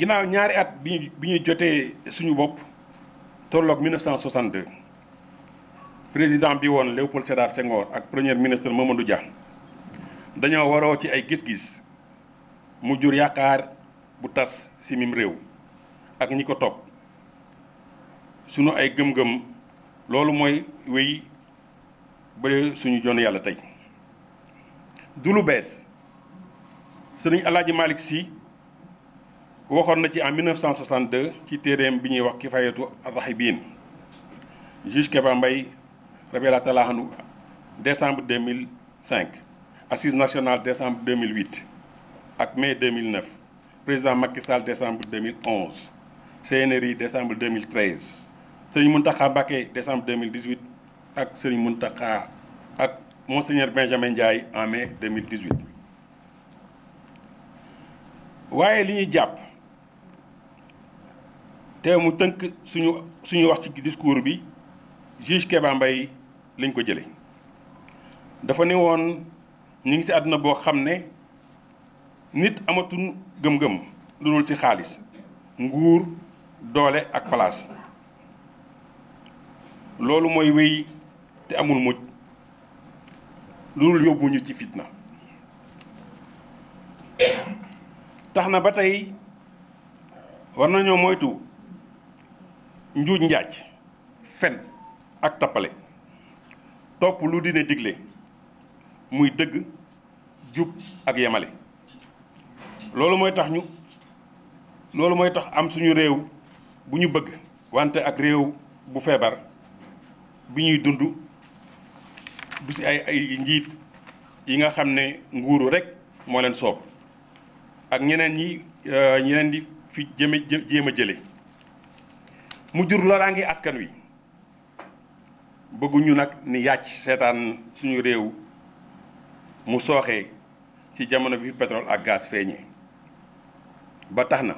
ginnaaw ñaari at bi bi ñuy jotee suñu bopp tolloog 1962 président bi woon Léopold Sédar Senghor ak premier ministre Mamadou ja dañoo waroo ci ay gis-gis mu jur yaakaar bu tas si mim réew ak ñi ko topp sunu ay gëm-gëm loolu mooy wéy bëre suñu jone yàlla tey du lu bees sëriñ Alaaji Malick Sy waxoon na ci en 1962 ci téeréem bi ñuy wax Kifayatu Arrahibiin juge Kéba Mbaye Rabiyallahu taala anhu décembre 2005 assise nationale décembre 2008 ak mai 2009 président Macky Sall décembre 2011 CNRI décembre 2013 Serigne Mountakha Mbacké décembre 2018 ak Serigne Mountakha ak monseigneur Benjamin Ndiaye en mai 2018 waaye li ñuy jàpp. te tënk suñu suñu wax ci discours bi juge Kéba mbay lañ ko jële dafa ne woon ñu ngi si àdduna boo xam ne nit amatul gëm-gëm lu dul ci xaalis nguur doole ak place loolu mooy wéy te amul mujj lu dul yóbbuñu ci fitna tax na ba tey war nañoo moytu njuuj njaaj fen ak tappale topp lu dina digle muy dëgg jub ak yemale loolu mooy tax ñu loolu mooy tax am suñu réew bu ñu bëgg wante ak réew bu feebar bi ñuy dund du ci ay ay njiit yi nga xam ne nguuru rekk moo leen soob ak ñeneen ñi euh, ñeneen di fi jëme jéem a jële mu jur ngi askan wi bëgguñu nag ni yàcc seetaan suñu réew mu sooxee ci jamono bi pétrole ak gas feeñee ba tax na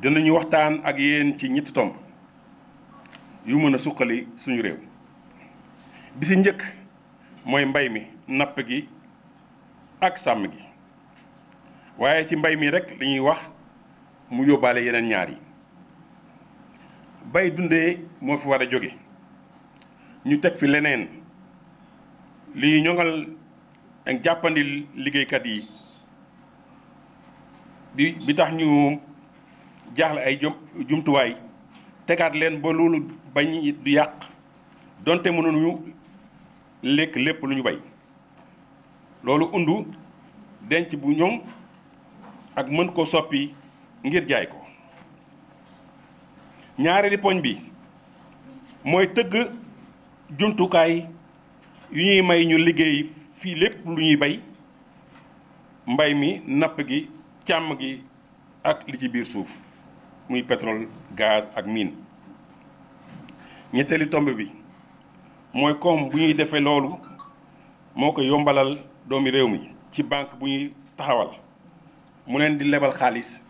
dinañu waxtaan ak yéen ci ñetti tomb yu mën a suqali suñu réew bi ci njëkk mooy mbay mi napp gi ak sàmm gi waaye ci mbay mi rekk lañuy wax mu yóbbaale yeneen ñaar yi bay dundee moo fi war a jóge ñu teg fi leneen lii ñoŋal ak jàppandi liggéeykat yi bi bi tax ñu jaaxle ay jum jumtuwaay tegaat leen ba loolu bañ du yàq donte ñu lekk lépp lu ñu bay loolu undu denc bu ñoom ak mën ko soppi ngir jaay ko ñaareeli poñ bi mooy tëgg jumtukaay yu ñuy may ñu liggéey fii lépp lu ñuy bay mbay mi napp gi càmm gi ak li ci biir suuf muy pétrole gaz ak mine ñetteeli tomb bi mooy koom bu ñuy defee loolu moo ko yombalal doomi réew mi ci banque bu ñuy taxawal mu leen di lebal xaalis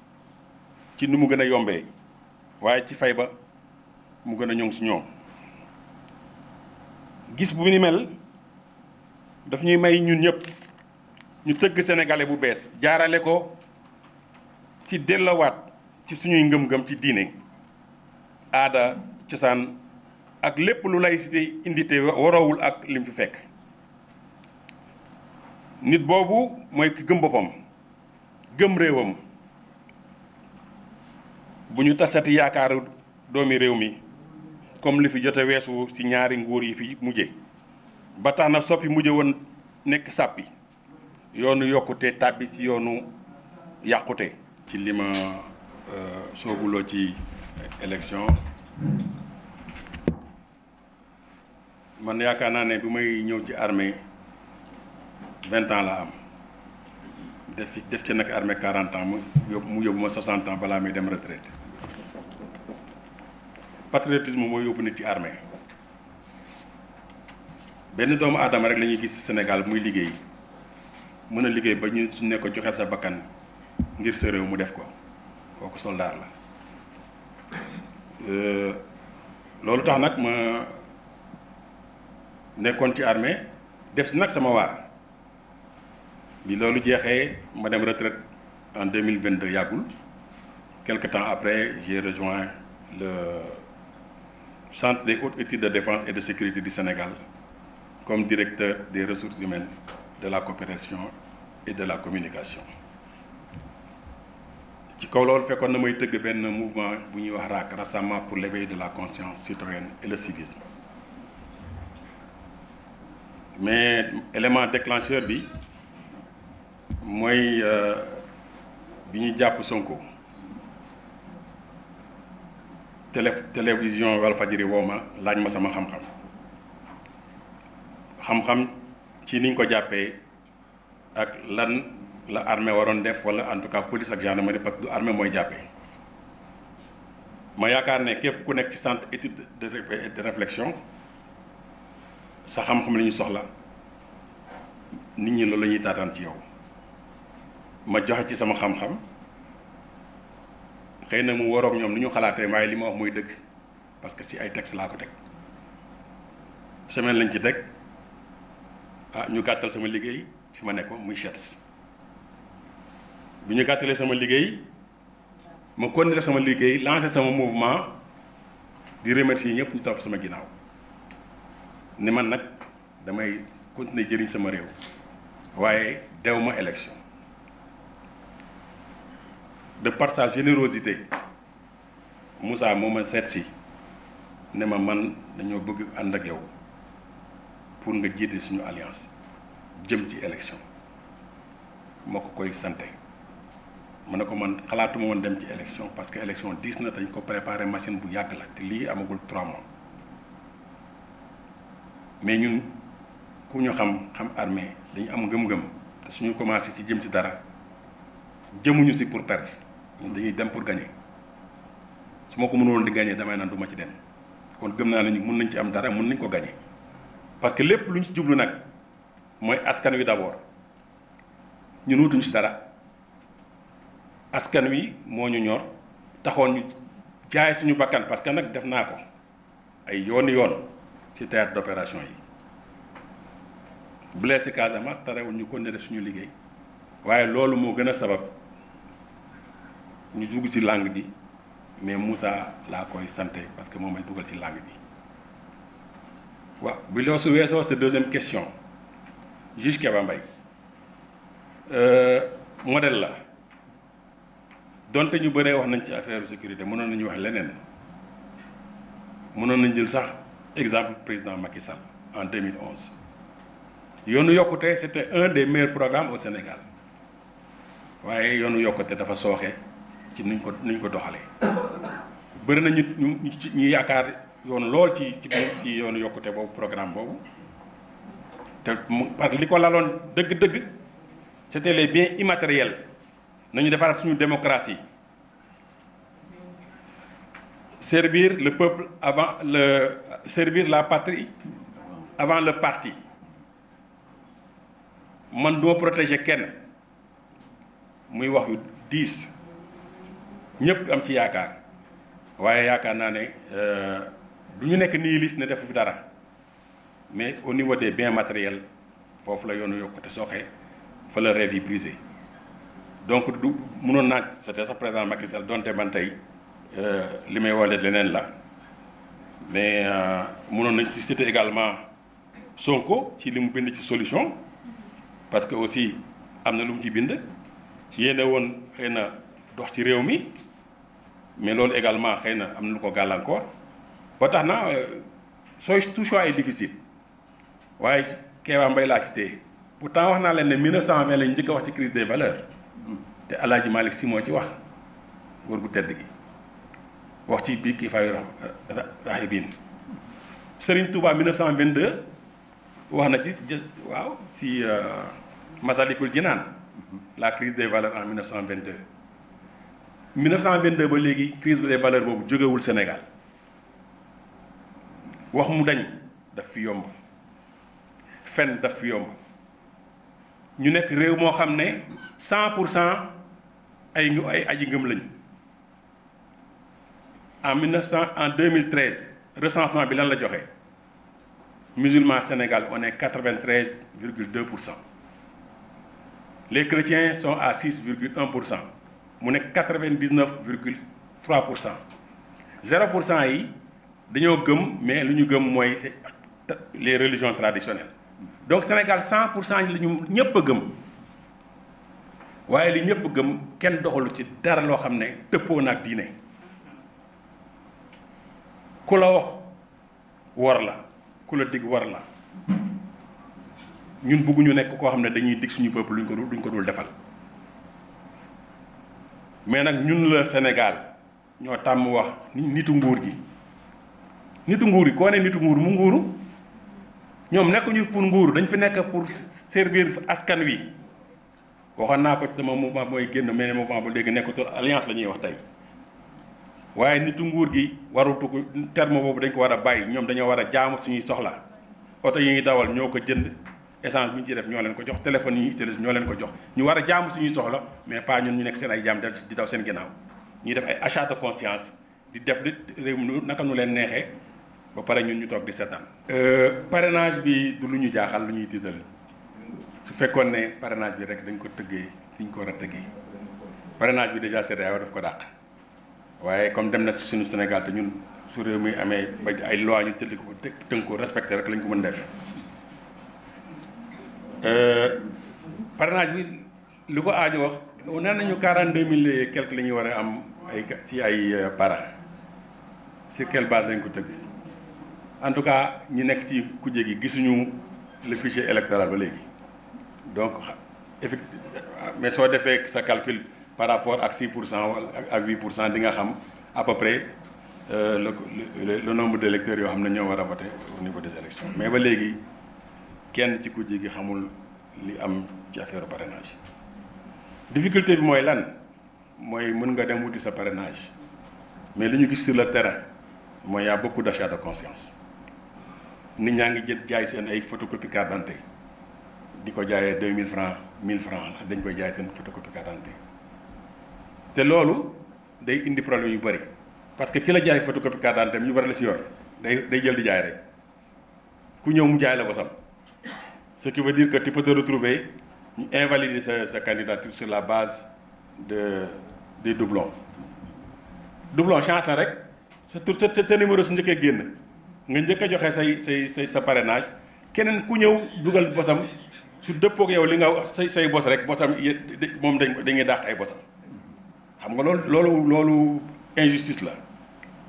ci ni mu gën a yombee waaye ci fay ba mu gën a ñoŋ si ñoom gis bu ni mel daf ñuy may ñun ñëpp ñu tëgg sénégalais bu bees jaarale ko ci dellawaat ci suñuy ngëm-ngëm ci diine aada cosaan ak lépp lu laïcité indi te waroowul ak lim fi fekk nit boobu mooy ki gëm boppam gëm réewam bu ñu tasati yaakaar doomi réew mi comme li fi jote weesu ci ñaari nguur yi fi mujje ba tax na soppi mujje woon nekk sàppi yoonu yokkute tàbbi ci yoonu yàqute ci li ma euh, soobuloo ci élection man yaakaar naa ne bi may ñëw ci armée vingt ans la am def def ci nag armée quarante ans mu yóbbu mu yóbbu ma soixante ans balaa may dem retraite patriotisme moo yóbbu nit ci armee benn doomu aadama rek lañuy gis gis Sénégal muy liggéey mën a liggéey ba ñu ne ko joxeel sa bakkan ngir sa réew mu def ko kooku soldaar la euh, loolu tax nag ma nekkoon ci armée def si nag sama waar bi loolu jeexee ma dem retraite en deux mille vingt 2022 yàggul quelque temps après j'ai rejoint Centre des hautes études de défense et de sécurité du Sénégal comme directeur des ressources humaines, de la coopération et de la communication. ci kaw loolu fekkoon na may tëgg benn mouvement bu ñuy wax RAC rassemblement pour l'éveil de la conscience citoyenne et le civisme mais élément déclencheur bi mooy euh, bi ñu jàpp Sonko. télé télévision Walfadjri woo ma laaj ma sama xam-xam xam-xam ci niñ ko jàppee ak lan la armée waroon def wala en tout cas police ak gendarmerie parce que du armée mooy jàppee ma yaakaar ne képp ku nekk ci centre étude de réflexion sa xam-xam li ñu soxla nit ñi loolu la ñuy taataan ci yow ma joxe ci sama xam-xam xëy na mu waroog ñoom lu ñu xalaatee waaye li ma wax muy dëgg parce que si ay texte laa ko teg semaine lañ ci teg ah ñu gàttal sama liggéey fi ma nekkoon muy chets bu ñu gàttalee sama liggéey ma continuer sama liggéey lancer sama mouvement di remercier ñëpp ñu topp sama ginnaaw ni man nag damay continuer jëriñ sama réew waaye dew ma élection de par sa générosité Moussa moo ma seet si ne ma man dañoo bëgg ànd ak yow pour nga jiite suñu alliance jëm ci élection moo ko koy sante ma ne ko man xalaatuma woon dem ci élection parce que élection diis na dañ ko préparer machine bu yàgg la te lii amagul trois mois mais ñun ku ñu xam xam armée dañu am ngëm-ngëm te suñu commencé ci jëm ci dara jëmuñu si pour perdre ñun dañuy dem pour gagner su ma ko mënoon di gagner damay naan du ci dem kon gëm naa ne mun nañ ci am dara mun nañ ko gagner parce que lépp lu ñu ci jublu nag mooy askan wi d'abord ñun wutuñ si dara askan wi moo ñu ñor taxoon ñu jaay suñu bakkan parce que nag def naa ko ay yooni yoon ci théâtre d'opération yi si Casamance terewul ñu ko ne suñu liggéey waaye loolu moo gën a sabab ñu dugg ci langue bi mais Moussa laa koy sante parce que moom may dugal ci langue bi waaw bi loo su weesoo sa deuxième question juge Keba Mbaye euh, model la donte ñu bëree wax nañ ci affaire sécurité mënoon ñu wax leneen mënoon nañ jël sax exemple président Macky Sall en 2011 yoonu yokkute c'était un des meilleurs programmes au Sénégal waaye yoonu yokkute dafa sooxe ci nuñ ko nuñ ko doxalee bëri na ñu ñu ñu yaakaar yoon lool ci ci yoonu yokkute boobu programme boobu te mu parce que li ko laloon dëgg-dëgg c'était les biens immatériels nañu defaraat suñu démocratie servir le peuple avant le servir la patrie avant le parti man duma protéger kenn muy wax yu diis ñëpp am ci yaakaar waaye yaakaar naa ne euh, du ñu nekk nihiliste ne defu fi dara mais au niveau des biens matériels foofu la yoonu yokkute sooxe fa la rêve yi brisé donc du mënoon naa c'était sax président Macky Sall donte man tey euh, li may wale leneen la mais euh, mënoon nañ ci citer également Sonko ci li mu bind ci solution parce que aussi am na lu mu ci bind yéene woon xëy na dox ci réew mi mais loolu également xëy na am na lu ko gàllankoor ba tax na sooy tout choix est difficile waaye Kéba Mbaye laa ci téye pourtant wax naa leen ne 1920 lañ njëkk wax ci crise de valeurs te El Hadj Malick Sy moo ci wax góor gu tedd gi wax ci biir kii faayu raxibiin Serigne Touba 1922 wax na ci waaw si euh, Masalikul Jinaan la crise des valeurs en 1922. 1922 ba léegi crise des valeurs boobu jógewul Sénégal wax mu dañ daf fi yomb fen daf fi yomb ñu nekk réew moo xam ne cent pour cent ay ay aji ngëm lañu en 1900 en 2013 recensement bi lan la joxe musulmans Sénégal on est 93 virgule 2 pour cent les chrétiens sont à 6 virgule 1 pour cent. mu nekk quatre-vingt-dix-neuf virgule trois pour cent zéro pour cent yi dañoo gëm mais lu ñu gëm mooy c'est les religions traditionnelles donc Sénégal cent pour cent li ñu ñëpp a gëm waaye li ñëpp gëm kenn doxalu ci dara loo xam ne dëppoo nag diine ku la wax war la ku la dig war la ñun bëgguñu nekk koo xam ne dañuy dig suñu peuple luñ ko duñ ko dul defal. mais nag ñun la Sénégal ñoo tàmm wax nitu nguur gi nitu nguur yi koo ne nitu nguur mu nguuru ñoom ñu pour nguur dañ fi nekk pour servir askan wi waxoon naa ko ci sama mouvement mooy génn mais mouvement bu léegi nekkatul alliance la ñuy wax tey waaye nitu nguur gi warutu ko terme boobu dañ ko war a bàyyi ñoom dañoo war a jaamu suñuy soxla oto yi ñuy dawal ñoo ko jënd essence bu ñu def ñoo leen ko jox téléphone yi ñu utilise ñoo leen ko jox ñu war a jàmm jaamu suñuy soxla mais pas ñun ñu nekk seen ay jaam di daw seen ginnaaw ñuy def ay achat conscience di def li réew mi naka nu leen neexee ba pare ñun ñu toog di seetaan. Euh, parrainage bi du lu ñu jaaxal lu ñuy tiital su fekkoon ne parrainage bi rek dañ ko tëggee fi ñu ko war a tëggee parrainage bi déjà CEDEAO def ko dàq waaye comme dem na si suñu Sénégal te ñun su réew mi amee ba ay loi ñu tëdd ko tënk ko respecté rek lañ ko mën def. Euh, parrainage bi lu ko aajo wax nee nañu quarante deux mille et quelque la ñuy war a am ay si ay euh, parrain sur quelle base lañ ko tëgg en tout cas ñi nekk ci kujje gi gisuñu le fichier électoral ba léegi donc effectivement mais soo defee sa calcul par rapport ak 6 pour cent wala ak 8 pour cent di nga xam à peu près euh, le le nombre d'électeurs yoo xam ne ñoo war a voter au niveau des élections mais ba léegi. kenn ci kujje gi xamul li am ci affaire parrainage difficulté bi mooy lan mooy mën nga dem wuti sa parrainage mais li ñu gis sur le terrain mooy y a beaucoup d'achat de conscience nit ñaa ngi jët jaay seen ay photocopie carte d'identité di ko jaayee deux mille francs mille francs dañ koy jaay seen photocopie carte d'identité te loolu day indi problème yu bëri parce que ki la jaay photocopie carte d'identité yu bëri la si yoon day day jël di jaay rek ku ñëw mu jaay la bosam Ce qui veut dire que tu peux te retrouver invalider sa, sa candidature sur la base de des doublons doublon chance la rek sa tur sa sa numéro su njëkkee génn nga njëkk a joxe say say say sa parrainage keneen ku ñëw dugal bosam su dëppook yow li nga say say bos rek bosam moom dañ dañuy dàq ay bosam xam nga loolu loolu loolu injustice la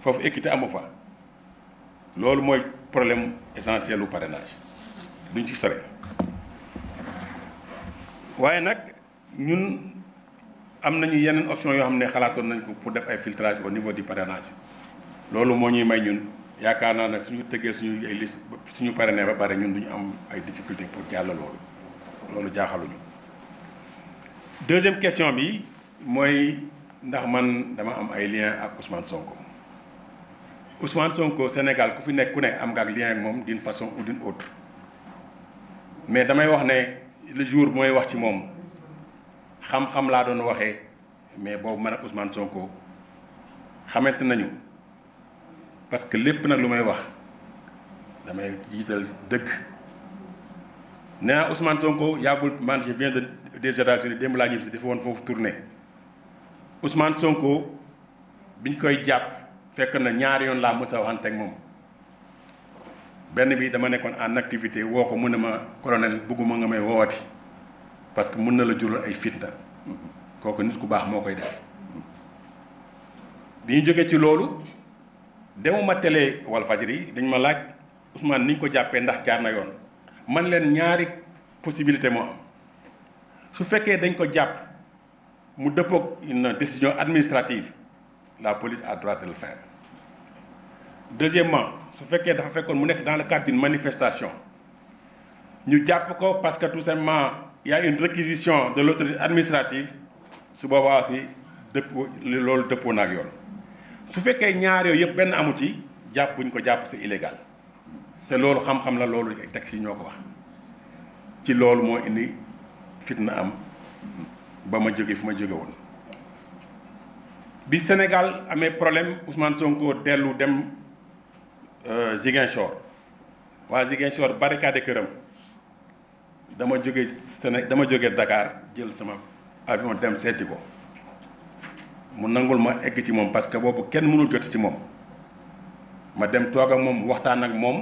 foofu équité amu fa loolu mooy problème essentiel u parrainage duñ ci sore waaye nag ñun am nañu yeneen option yoo xam ne xalaatoon nañ ko pour def ay filtrage au niveau du parrainage loolu moo ñuy may ñun yaakaar naa ne suñu tëggee suñu ay liste suñu parrainé ba pare ñun ñu am ay difficulté pour jàll loolu loolu jaaxaluñu deuxième question bi mooy ndax man dama am ay lien ak Ousmane Sonko Ousmane Sonko Sénégal ku fi nekk ku ne am nga ak lien ak moom d'une façon ou d'une autre mais damay wax ne le jour mooy wax ci moom xam-xam laa doon waxee mais boobu man ak Ousmane Sonko xamante nañu parce que lépp nag lu may wax damay jiital dëkk nee naa Ousmane Sonko yàggul man je viens de des États-Unis démb laa ñibbi si dafa woon foofu tournée Ousmane Sonko biñ koy jàpp fekk na ñaari yoon laa mës a waxante ak moom. benn bi dama nekkoon en activité woo ko mu a ma colonel bëgguma nga may woowati parce que mun na la jural ay fitna kooku nit ku baax moo koy def bi ñu jógee ci loolu demuma télé Walfadjri dañ ma laaj Ousmane ni ñu ko jàppee ndax jaar na yoon man leen ñaari possibilité moo am su fekkee dañ ko jàpp mu dëppoog une décision administrative la police a droit de su fekkee dafa fekkoon mu nekk dans le cadre d'une manifestation ñu jàpp ko parce que tout simplement il y a une réquisition de l'autorité administrative su boobaa si dëpp loolu dëppoo na ak yoon su fekkee ñaar yooyu yëpp benn amu ci jàpp buñ ko jàpp c'est illégal te loolu xam-xam la loolu texte si ñoo ko wax ci loolu moo indi fitna am ba ma jóge fu ma jóge bi Sénégal amee problème Ousmane Sonko dellu dem. Euh, Ziguinchor waa Ziguinchor barricade këram dama jóge Séné dama jóge dakaar jël sama avion dem seeti ko mu nangul ma egg ci moom parce que boobu kenn mënul jot ci moom ma dem toog ak moom waxtaan ak moom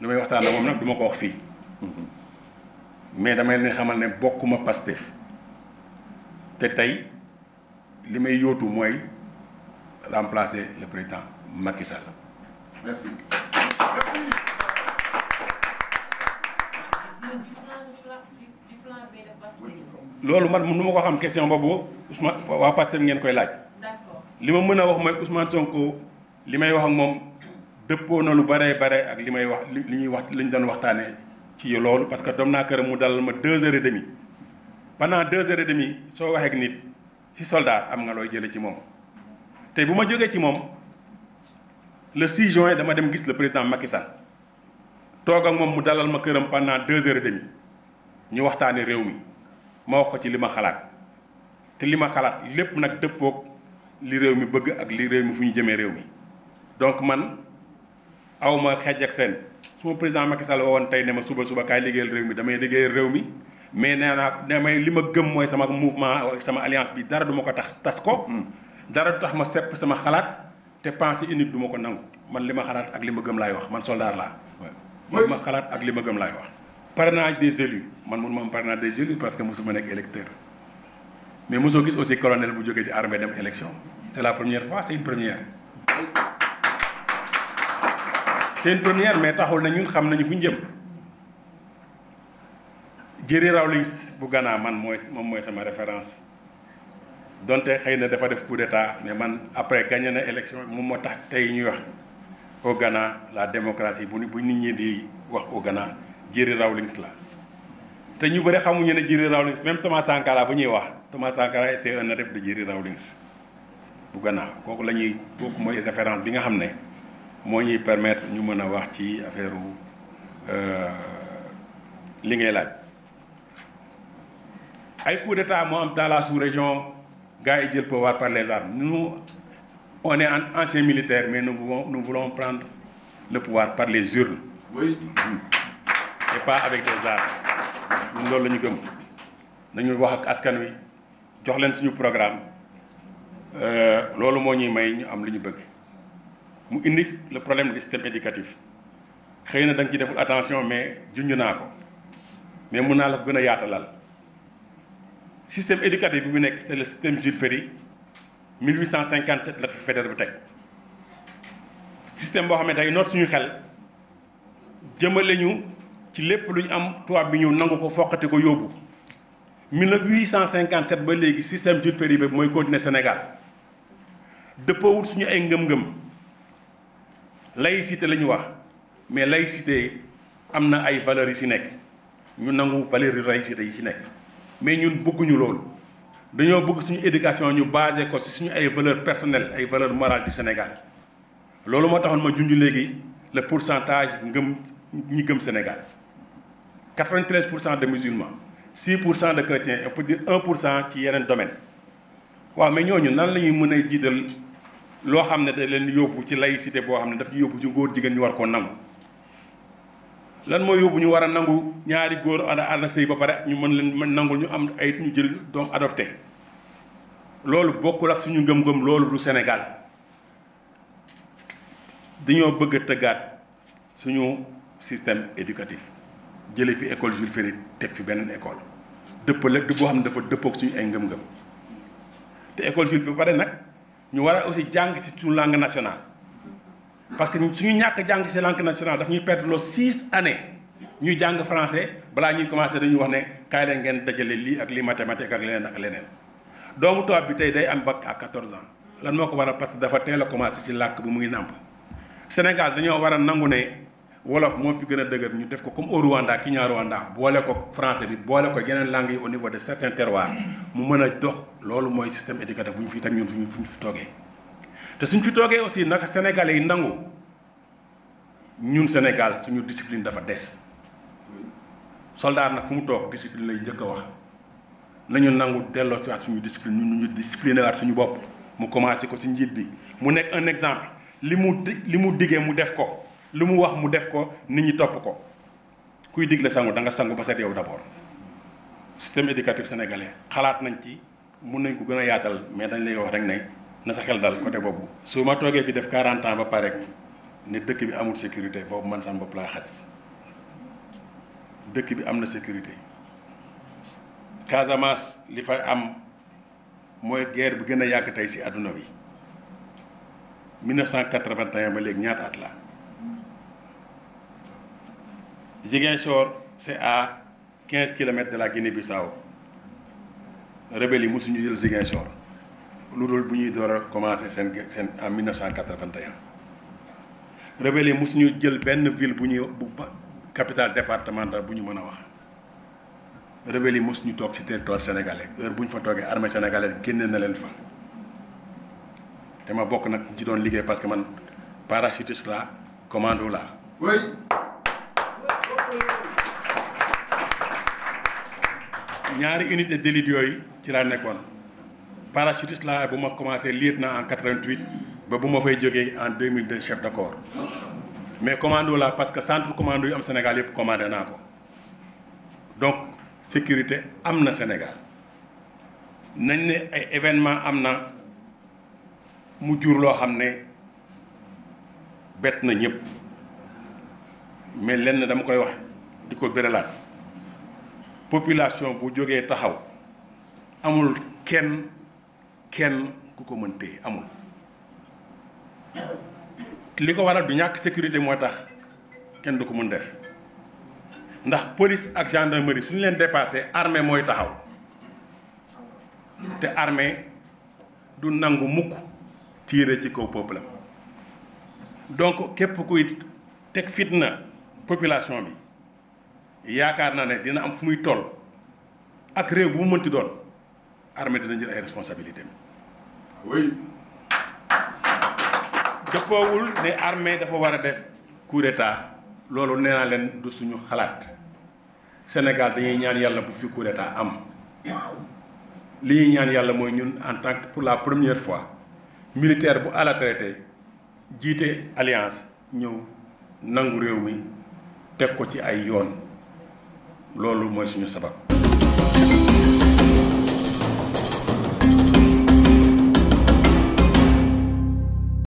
lu may waxtaan ak moom nag duma ko wax fii mais damay leen xamal ne bokkuma Pastef te tey li may yootu mooy remplacer le président Macky Sall loolu man mënu ma ko xam question boobu Ousmane waa Pastef ngeen koy laaj. li ma mën a wax mooy Ousmane Sonko li may wax ak moom dëppoo na lu baree bare ak li may wax li ñuy wax li ñu doon waxtaanee ci loolu parce que doom naa këram mu dalal ma deux heures demi demie pendant deux demi soo waxee ak nit si soldat am nga looy jële ci moom te bu ma jógee ci moom. le 6 juin dama dem gis le président Macky Sall toog ak moom mu dalal ma këram pendant deux heures et ñu waxtaanee réew mi ma wax ko ci li ma xalaat te li ma xalaat lépp nag dëppook li réew mi bëgg ak li réew mi fu ñu jëmee réew mi donc man awma xej ak seen su ma président Macky Sall woon tey ne ma suba suba kaay liggéeyal réew mi damay liggéeyal réew mi mais nee naa damay li ma gëm mooy sama mouvement sama alliance bi dara du ma ko tax tas ko hmm. dara du tax ma sepp sama xalaat te pensée unique du ma ko nangu man li ma xalaat ak li ma gëm laay wax man soldat laa. mooy li ma xalaat ak li ma gëm laay wax. parrainage des élus man mun ma am parrainage des élus parce que mosuma nekk électeur mais mosoo gis aussi colonel bu jógee ci armée dem élection c' la première fois c' est une première. c' une première mais taxul na ñun xam nañu fu ñu jëm Jerry Rawlings bu Ghana man mooy moom mooy sama référence. donte xëy na dafa def coup d'état mais man après gagné na élection moom moo tax tey ñuy wax au Ghana la démocratie bu bu nit ñi di wax au Ghana Jerry Rawlings la te ñu bëri xamuñu ne Jerry Rawlings même Thomas Sankara bu ñuy wax Thomas Sankara était un adepte de Jerry Rawlings bu gana kooku la ñuy kooku mooy référence bi nga xam ne moo ñuy permettre ñu mën a wax ci affaire euh, li ngay laaj ay coup d'état moo am dans la sous-région gars yi jël pouvoir par les armes nu on est en ancien militaire mais nous voulons nous voulons prendre le pouvoir par les urnes. oui. et pas avec des armes ñun loolu la ñu gëm nañu wax ak askan wi jox leen suñu programme euh, loolu moo ñuy may ñu am li ñu bëgg mu indi le problème du système éducatif xëy na da ci deful attention mais junj naa ko mais mun naa la ko gën a yaata lal système éducatif bi mu nekk c'est le système Jules Ferry 1857 la fi Faidherbe bu teg système boo xam ne day noot suñu xel jëmale ñu ci lépp lu ñu am tubaab bi ñu nangu ko foqati ko yóbbu 1857 ba léegi système Jules Ferry bi mooy continuer Sénégal dëppoowut suñu ay ngëm-ngëm laïcité la ñu wax mais laïcité am na ay valeurs yi ci nekk ñu nangu valeurs yu laïcité yi ci nekk mais ñun bëgguñu loolu dañoo bëgg suñu éducation ñu baase ko si suñu ay valeurs personnelles ay valeurs morales du Sénégal loolu moo taxoon ma junj léegi le pourcentage ngëm ñi gëm Sénégal 93 pour cent de musulmans 6 pour cent de chrétiens on peut pour cent ci yeneen domaine waaw mais ñooñu nan la ñuy mën a jiital loo xam ne da leen yóbbu ci laïcité boo xam ne daf ñu yóbbu ci góor jigéen ñu war koo nangu. lan mooy yóbbu ñu war a nangu ñaari góor ana ana sëy ba pare ñu mën leen mën nangul ñu am ay ñu jël doom adopté loolu bokkul ak suñu ngëm-ngëm loolu du Sénégal dañoo bëgg a tëggaat suñu système éducatif jële fi école Jules Ferry teg fi benn école dëpp du boo xam ne dafa dëppoog suñu ay ngëm-ngëm te école Jules Ferry ba pare nag ñu war a aussi jàng si suñu langue nationale parce que suñu ñàkk jàng ci langue nationale daf ñuy perdre loo six années ñuy jàng français balaa ñuy commencé dañuy wax ne kaay leen ngeen dajale lii ak lii mathématique ak leneen ak leneen doomu tubaab bi tey day am bac ak 14 ans lan moo ko war a parce que dafa teel a commencé ci làkk bi mu ngi nàmp Sénégal dañoo war a nangu ne wolof moo fi gën a dëgër ñu def ko comme au Rwanda ki ñaar Rwanda boole ko français bi boole ko yeneen langues yi au niveau de certains terroirs mu mën a dox loolu mooy système bu ñu fi teg ñun fu ñu fi toogee. te suñ fi toogee aussi naka sénégalais yi nangu ñun Sénégal suñu discipline dafa des soldat nag fu mu toog discipline lay njëkk a wax nañu nangu delloo si waat suñu discipline ñun ñu discipliné waat suñu bopp mu commencé ko si njiit bi mu nekk un exemple li mu li mu diggee mu def ko li mu wax mu def ko nit ñi topp ko kuy digle sangu da nga sangu ba set yow d'abord système éducatif sénégalais xalaat nañ ci mun nañ ko gën a yaatal mais dañ lay wax rek ne na sa xel dal côté boobu su ma toogee fi def 40 ans ba pare ni dëkk bi amul sécurité boobu man sama bopp laa xes dëkk bi am na sécurité Casamance li fa am mooy guerre bi gën a yàgg tey ci àdduna bi 1981 ba léegi ñaata at la Ziguinchor c'est à 15 kilomètres de la Guinée-Bissau rebelles yi mosuñu jël Ziguinchor. lu dul bu ñuy door a commencé seen seen en 1981 rebelle yi jël benn ville bu ñuy bu capitale départementale bu ñu mën a wax rebelle yi mosuñu toog ci territoire sénégalais heure bu ñu fa toogee armée sénégalaise génnee na leen fa te ma bokk nag ci doon liggéey parce que man parachutiste la commando la oui. ñaari unité d'élite yooyu ci laa nekkoon parachutiste laa bu ma commencé lieutenant en 88 ba bu ma fay jógee en 2002 chef de corps mais commando laa parce que centre commando yu am Sénégal yëpp commandé naa ko donc sécurité am na Sénégal nañ ne ay événement am na mu jur loo xam ne bett na ñëpp mais lenn dama koy wax di ko bëralaat population bu jógee taxaw amul kenn kenn ku ko mën téye amul li ko waral du ñàkk sécurité moo tax kenn du ko mun def ndax police ak gendarmerie suñu leen dépassé armée mooy taxaw te armée du nangu mukk tiire ci kaw peuple donc képp kuy teg fitna population bi yaakaar naa ne dina am fu muy toll ak réew bu mu mënti doon armée dina jël ay responsabilités oui. jëppoowul ne armée dafa war a def coup loolu nee naa leen du suñu xalaat Sénégal dañuy ñaan yàlla bu fi coup am li ñaan yàlla mooy ñun en tant que pour la première fois militaire bu à traité jiite alliance ñëw nangu réew mi teg ko ci ay yoon loolu mooy suñu sabab.